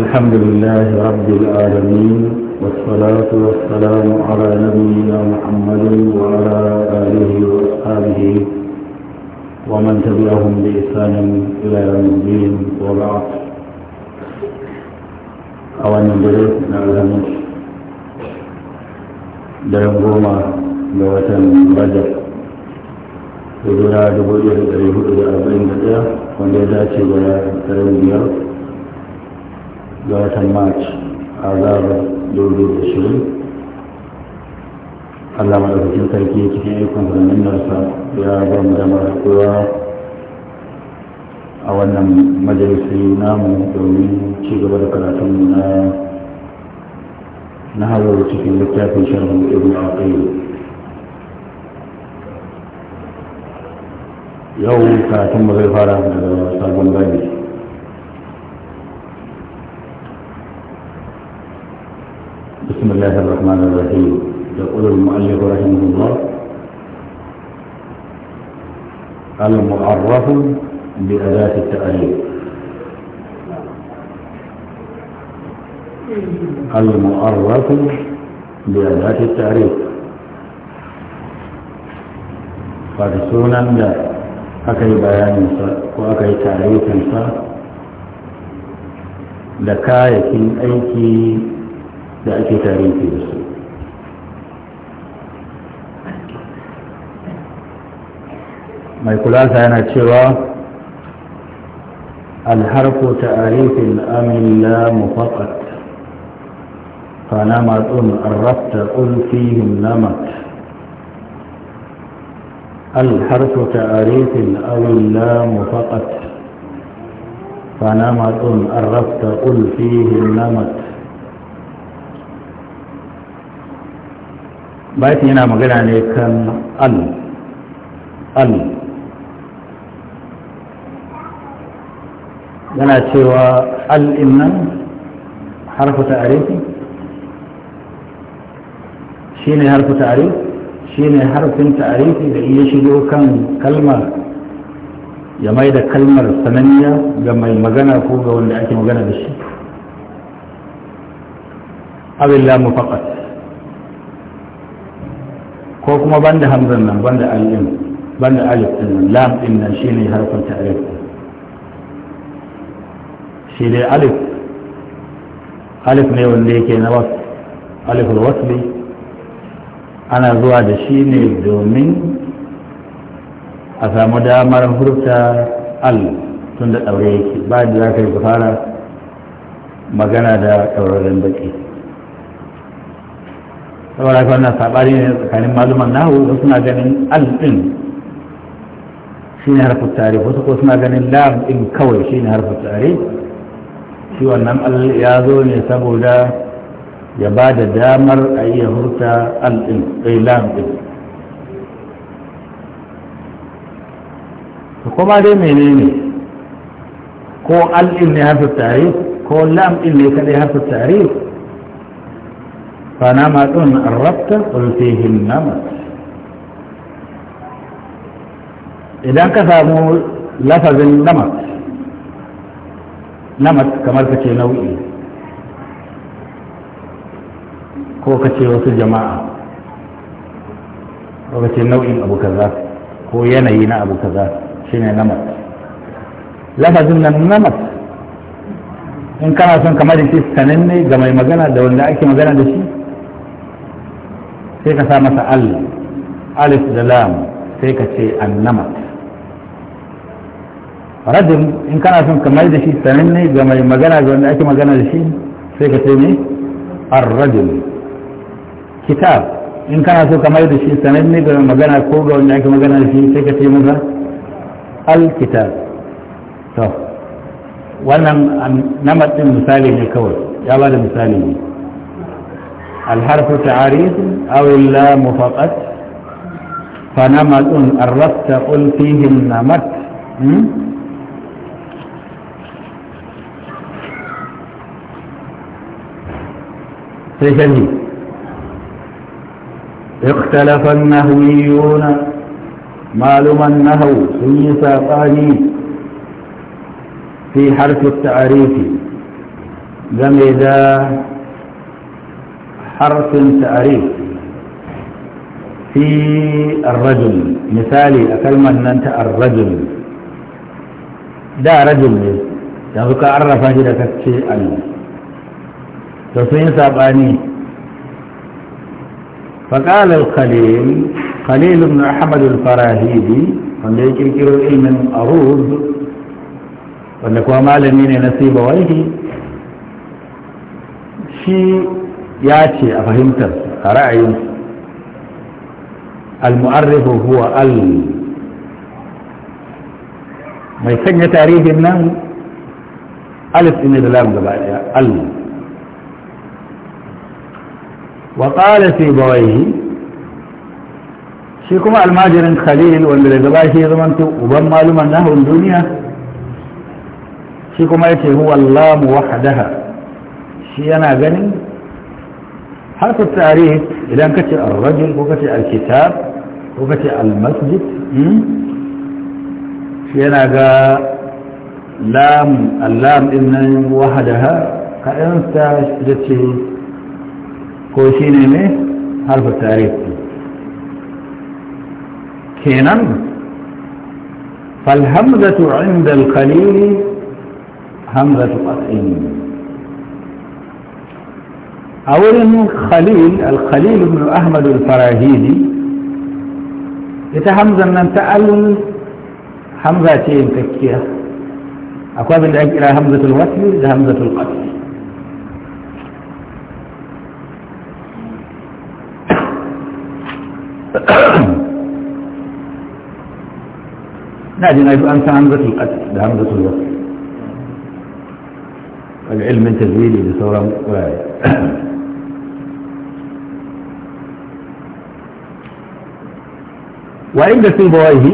الحمد لله رب العالمين والصلاة والسلام على نبينا محمد وعلى آله وأصحابه ومن تبعهم بإحسان إلى يوم الدين وبعد أولا بريد نعلم دين غوما لوتن رجب وجرى دبوئر دريه إلى أربعين دقيقة وندى تشيبها تربيه ga watan march a zaɓar 2020 allah cikin sarki cikin ikon zanninarsa ya ba mu damar haɗuwa a wannan majalisi namu domin ci gaba da karatunmu na na harar cikin littafin sharhun a kai yau karatun mu zai fara daga sabon babi بسم الله الرحمن الرحيم يقول المؤلف رحمه الله المعرف بأداة التأليف المعرف بأداة التعريف قد سونا لا أكي بيان وأكي تعريف لكاية أيكي da ake tarihi da su mai kulasa yana cewa alharfu ta'arifin amin la mufaqat fa namatun arrafta qul fihim namat الحرف تعريف أو اللام فقط فنمط أرفت قل فيه النمط bayan yana magana ne kan al al yana cewa al innan harfu ta'arifi shine harfu ta'arifi shine harfin ta'arifi da iya shigo kan kalmar ya mai da kalmar sananniya ga mai magana ko ga wanda ake magana da shi abin lamu faƙas ko kuma banda hamzan nan banda alim banda alif din nan lam din nan shine harfin ta'rif shi dai alif alif ne wanda yake na wasu aliful wasli ana zuwa da shi ne domin a samu damar hurta al tun da ɗaure yake ba da za ka yi fara magana da ɗauraren baki saboda haka wannan sabari ne tsakanin maluman nahu wasu suna ganin al shi ne harfi tare wasu ko suna ganin lam din kawai ne harfi tare shi wannan al ya zo ne saboda ya ba da damar a iya hurta al ɗai ai eh, lam din kuma dai menene ko al ne harfi tare ko lam din ne kadai harfi tare فنما دون الربط قل فيه النمط إذا كثموا لفظ النمط نمط كما تكي نوئي ko ka wasu jama'a ko ka nau'in abu ko yanayi na abu shine namat lafazin nan namat in kana son kamar da shi sananne ga mai magana da wanda ake magana da shi sai ka sa masa al alif da lam sai ka ce annama radin in kana son ka mai da shi sananne ga mai magana ga wanda ake magana da shi sai ka ce ne arrajul kitab in kana so ka mai da shi sananne ga mai magana ko ga wanda ake magana da shi sai ka ce masa alkitab to wannan namatsin misali ne kawai ya ba da misali ne الحرف تعريف أو اللام فقط فنمت الربط قل فيه النمت سيشني اختلف النهويون معلوم النهو في ساقاني في حرف التعريف جميدا حرف تعريف في الرجل مثالي أكلمة أنت الرجل دا رجل ne yanzu ka arrafa shi da kacce allah da sun yi saɓani faƙal al-khalil khalil ibn ahmad farahidi wanda ya kirkiro ilmin malami ne na siba waihi shi ya ce a fahimtar a ra'ayin al-mu'arrifu huwa al mai sanya tarihin nan alif ne da lam gaba daya al wa qala fi bawayhi shi kuma almajirin khalil wanda daga shi ya zamanto uban maluman nahun duniya shi kuma yace huwa allah wahdaha shi yana ganin harkar tarihi idan ka ce al-rajul ko ka ce al-kitab ko ka ce al-masjid yana ga lam allam din nan wahadaha kaɗan ko shi ne tarihi kenan فالهمزة عند الخليل همزة قطعين أولا خليل الخليل بن أحمد الفراهيدي إذا حمزة من تأل حمزة تين تكية أكوا من إلى حمزة الوتل إلى حمزة القتل نادي نجو أنت حمزة القتل ده حمزة الوتل العلم التجويلي بصورة واعية وعند سيبويه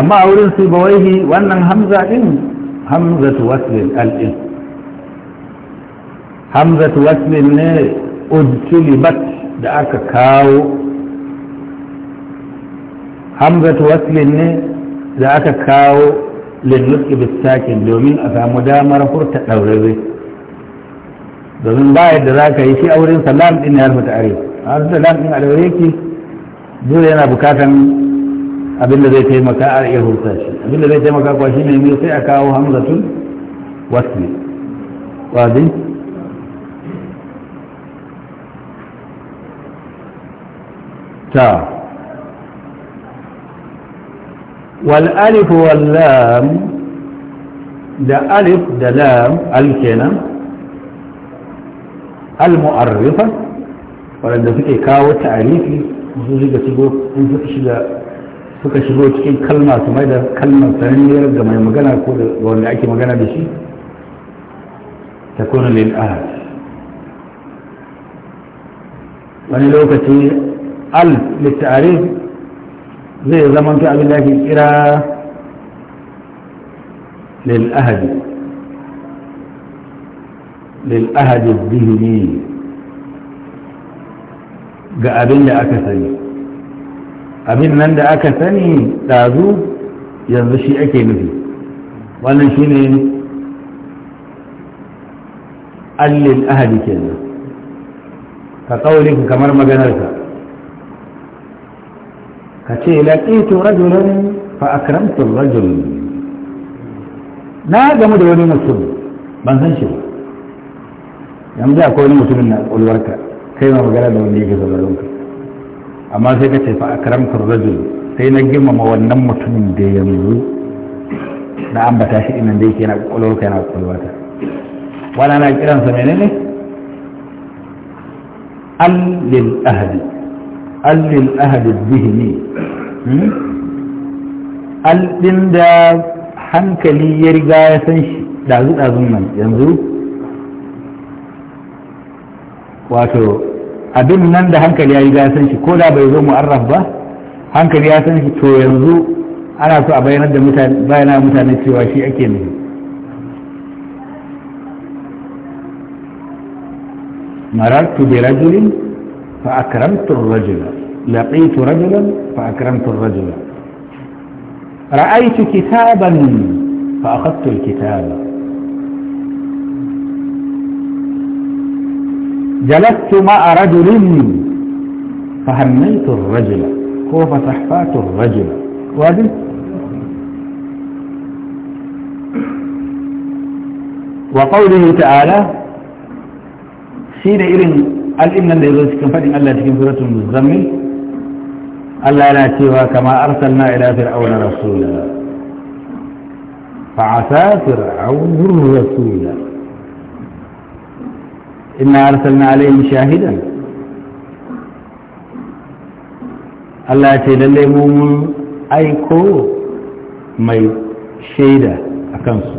أما أولي سيبويه وأن همزة إن همزة وصل الإن همزة وصل إن أدسلبت دعك كاو همزة وصل إن دعك كاو للنطق بالساكن لومين أفا مدامر فرت أوروي domin ba yadda za ka yi shi salam din ya rufe a salam din yake yana bukatan abin da zai taimaka a iya hurta shi abin da zai taimaka kuwa shi ne sai a kawo hamzatun wasli wazin ta wal alif wal lam da alif da lam al-mu'arrifa waɗanda suke kawo ta'arifi su shiga shigo in suka shiga suka shigo cikin kalma su mai da kalmar sananniyar ga mai magana ko da wanda ake magana da shi ta kuna lil ahad wani lokaci al littarif zai zamanta abin da ake kira lil ahadi للأهد الذهني ga abin da aka sani abin nan da aka sani ɗazu yanzu shi ake nufi wannan shi ne allil ahadi kenan ka ƙaurinka kamar maganarka ka ce laƙitu rajulun fa akramtu rajul na gamu da wani mutum ban san shi ba yanzu akwai wani mutumin na ƙwaƙwalwarka kai ma magana da wanda yake zabarunka amma sai ka ce fa akramtu rajul sai na girmama wannan mutumin da yanzu na ambata shi inan da yake yana ƙwaƙwalwarka yana ƙwaƙwalwarka wani ana kiransa menene allil ahadi allil ahadi ne hmm? al da hankali ya riga ya san shi ɗazu-ɗazun nan yanzu wato abin nan da hankali ya yi ya san shi ko da bai zo mu'arraf ba hankali ya san shi to yanzu ana so a bayanar da mutane bayana mutane cewa shi ake ne marartu bi rajulin fa akramtu ar-rajula laqitu rajulan fa akramtu ar-rajula ra'aytu kitaban fa akhadtu al-kitaba جلست مع رجل فهميت الرجل هو فصحفات الرجل واضح وقوله تعالى سين إرن الإمن الذي يزوج كم فدي ألا تكن سورة المزمل ألا لا سوى كما أرسلنا إلى فرعون رسولا فعسى فرعون الرسول إنا أرسلنا عليهم شاهدا Allah ce lalle mu aiko mai shaida a kansu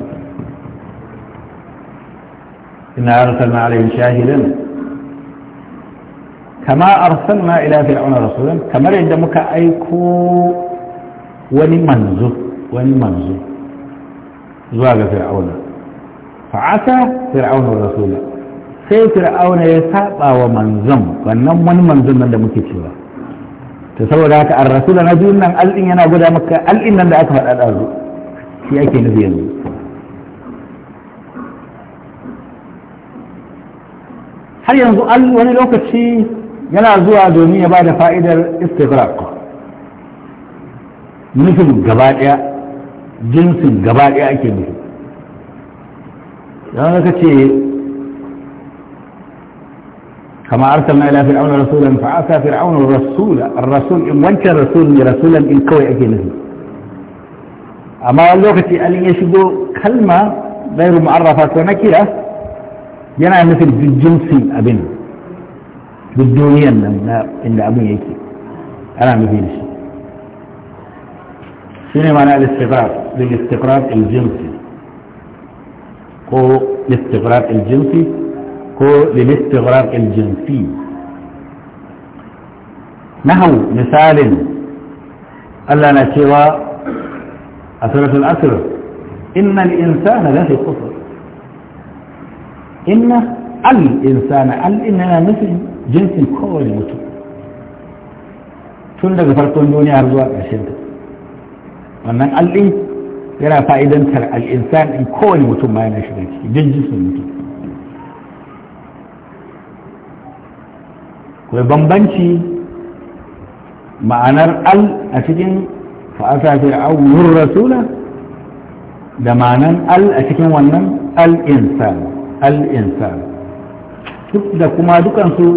ina arsalna alayhi shahidan kama arsalna ila fir'auna rasulan kamar yadda muka aiko wani manzo wani manzo zuwa ga fir'auna fa'ata fir'auna sai fir'auna ya saba wa manzon wannan wani manzon nan da muke cewa ta saboda haka ar da na biyun nan al'in yana guda maka al'in nan da aka faɗa da zu shi ake nufi yanzu har yanzu al wani lokaci yana zuwa domin ya ba da fa'idar istighraq nufin gaba daya jinsin gaba daya ake nufi don ka ce كما أرسلنا إلى فرعون رسولا فعاسى فرعون الرسول الرسول إن وانك الرسول رسولا إن كوي أجينه أما اللغة اللي يشبه كلمة غير معرفة ونكرة ينعى مثل بالجنس أبن بالدونيا إن أبن يكي أنا مثيل شيء شنو معنى الاستقرار؟ بالاستقرار الجنسي هو الاستقرار الجنسي كو للاستغراق الجنسي نحو مثال الله نتوى أثرة الأثر إن الإنسان لا في قصر إن الإنسان الإنسان مثل جنس كوري متو تون لك فرطون دوني أرضوا أشد ومن قال لي يرى فائدة الإنسان إن كوري متو ما ينشغل جنس متو akwai bambanci ma'anar al a cikin fa'asa fir'aunur rasula da ma'anar al a cikin wannan al-insan duk da kuma dukansu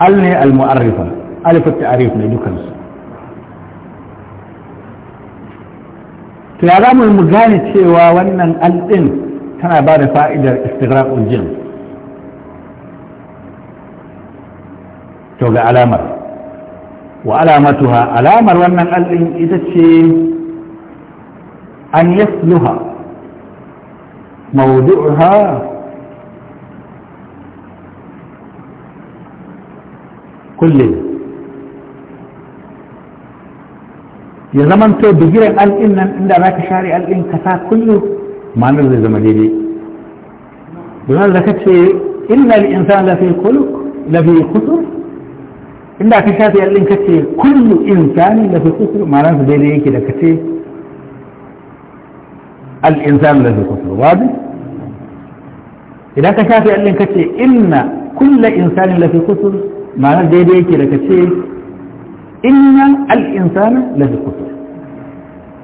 al ne al-mu'arrifa alifat ta'arif ne dukansu to ya za mu gane cewa wannan al din tana ba da fa'idar istighraqul jins to ga alamar wa alamatuha alamar wannan al'in ita ce an yasluha mawdu'uha kulle ya zamanto bigiran al'in nan inda za ka share al'in ka sa kullu ma'anar zai zama daidai domin da ka ce inna al'insan lafi kuluk lafi kusur inda ka shafi yallin ka ce kullu insani da fi kusur ma'anar su daidai yake da ka ce al'insan da fi kusur wadu idan ka shafi yallin ka ce inna kulla insani da fi kusur ma'anar daidai yake da ka ce inna al'insana da fi kusur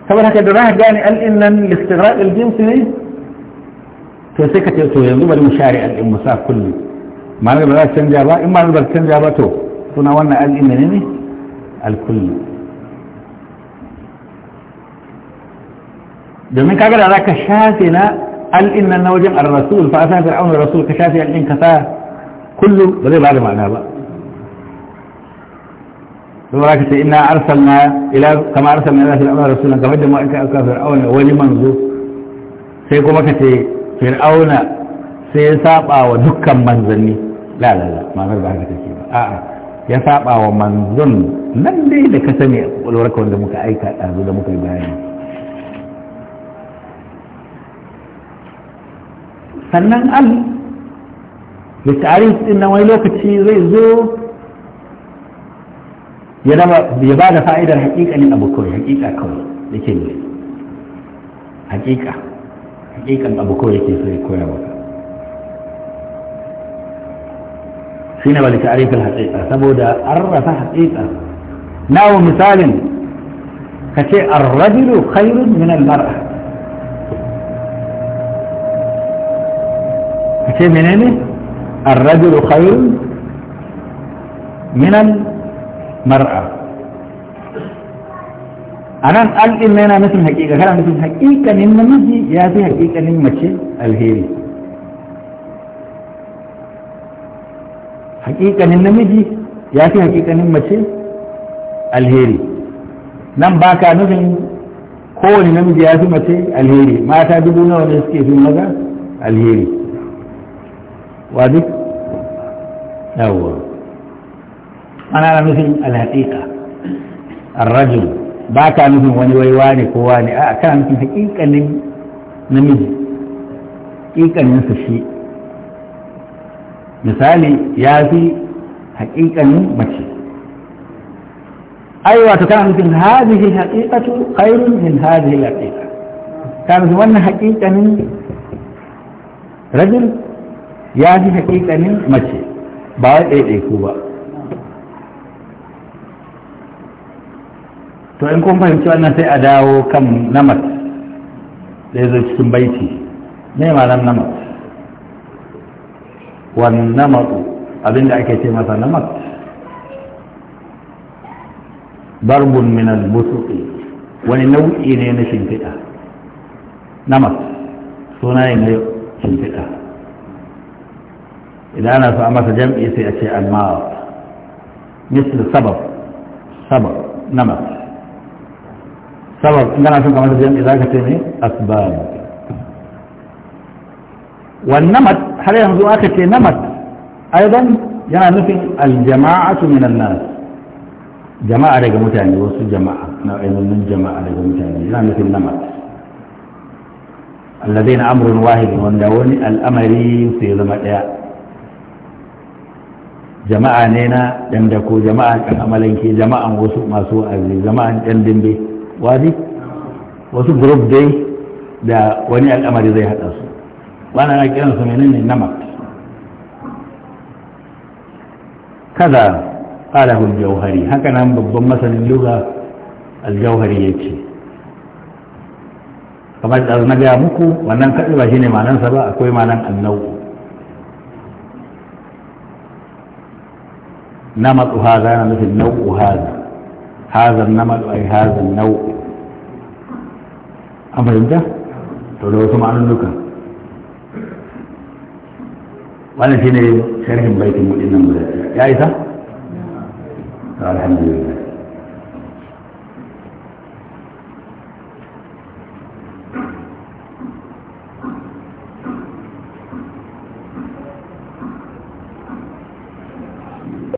saboda haka da za ka gane al'innan listirar aljinsu ne to sai ka ce to yanzu bari mu share al'in musa kullu ma'anar ba za ta canja ba in ma'anar ba ta canja ba to كنا قلنا قال ايه من ايه الكل دمين كاجر على كشافنا قال ان النوجم الرسول فاثان فرعون الرسول كشافي قال ان كفاه كله بدي بعد معناها بقى فبراك انا ارسلنا الى كما ارسلنا الى في الامر رسولنا ما انك الكافر ولمن ذو سيكما كتي فرعون سيسابا ودكا منزلني لا لا لا ما غير بحاجة كتير اه اه ya saba wa manzon nan dai da ka sani a wanda muka aika ɗazu da muka yi bayani sannan al da tarin din na wani lokaci zai zo ya ba da fa'idar hakikalin abu kawai hakika kawai yake ne hakika hakikan abu kawai yake sai ya koya maka شنو ولي تعريف الحقيقه سبودا عرف حقيقه ناو مثال كتي الرجل خير من المراه كتي منيني الرجل خير من المراه انا قال ان انا مثل حقيقه كلام مثل حقيقه من مجي يا دي حقيقه من مجي الهيري hakikanin namiji ya fi hakikanin mace alheri nan ba ka nufin kowane namiji ya fi mace alheri mata dubu nawa ne suke fi maza alheri wa duk yawwa ana nufin alhaƙiƙa nufin wani waiwa ne ko wani a kan nufin hakikanin namiji hakikanin su shi. misali ya fi haƙiƙanin mace ai wato kana nufin hadhihi haqiqatu ƙairun min hadhihi haƙiƙa kana nufin wannan haƙiƙanin rajul ya fi haƙiƙanin mace ba wai ku ba to in kun fahimci wannan sai a dawo kan namat da ya zo cikin baiti me ma nan namat wannamatu abinda ake ce masa namat barbun min al wani nau'i ne na shimfiɗa namat suna ne na shimfiɗa idan ana so a masa jam'i sai a ce almawa misal sabab sabab namat sabab in ana son ka masa jam'i za ka ce ne asbab والنمت هل ينظر أخذ نمت أيضا يعني نفي الجماعة من الناس جماعة لك متعني وصل جماعة نوعين من جماعة لك متعني يعني نفي النمت الذين أمر واحد وندون الأمري في ذمتها jama'a ne na ɗan da ko jama'an ɗan amalanke jama'an wasu masu wa'azi jama'an ɗan dimbe wadi wasu group dai da wani al'amari zai haɗa su wannan ya kiran su menene namak kaza qalahu hul jauhari haka nan babban masanin lugha al-jauhari yake kamar da na gaya muku wannan kadi ba shine sa ba akwai ma'anan annau نمط هذا أنا مثل نوع هذا هذا ai أي nau'u النوع أمر to da wasu ma'anan لك wannan shine sharhin baitin mudin nan guda ya isa alhamdulillah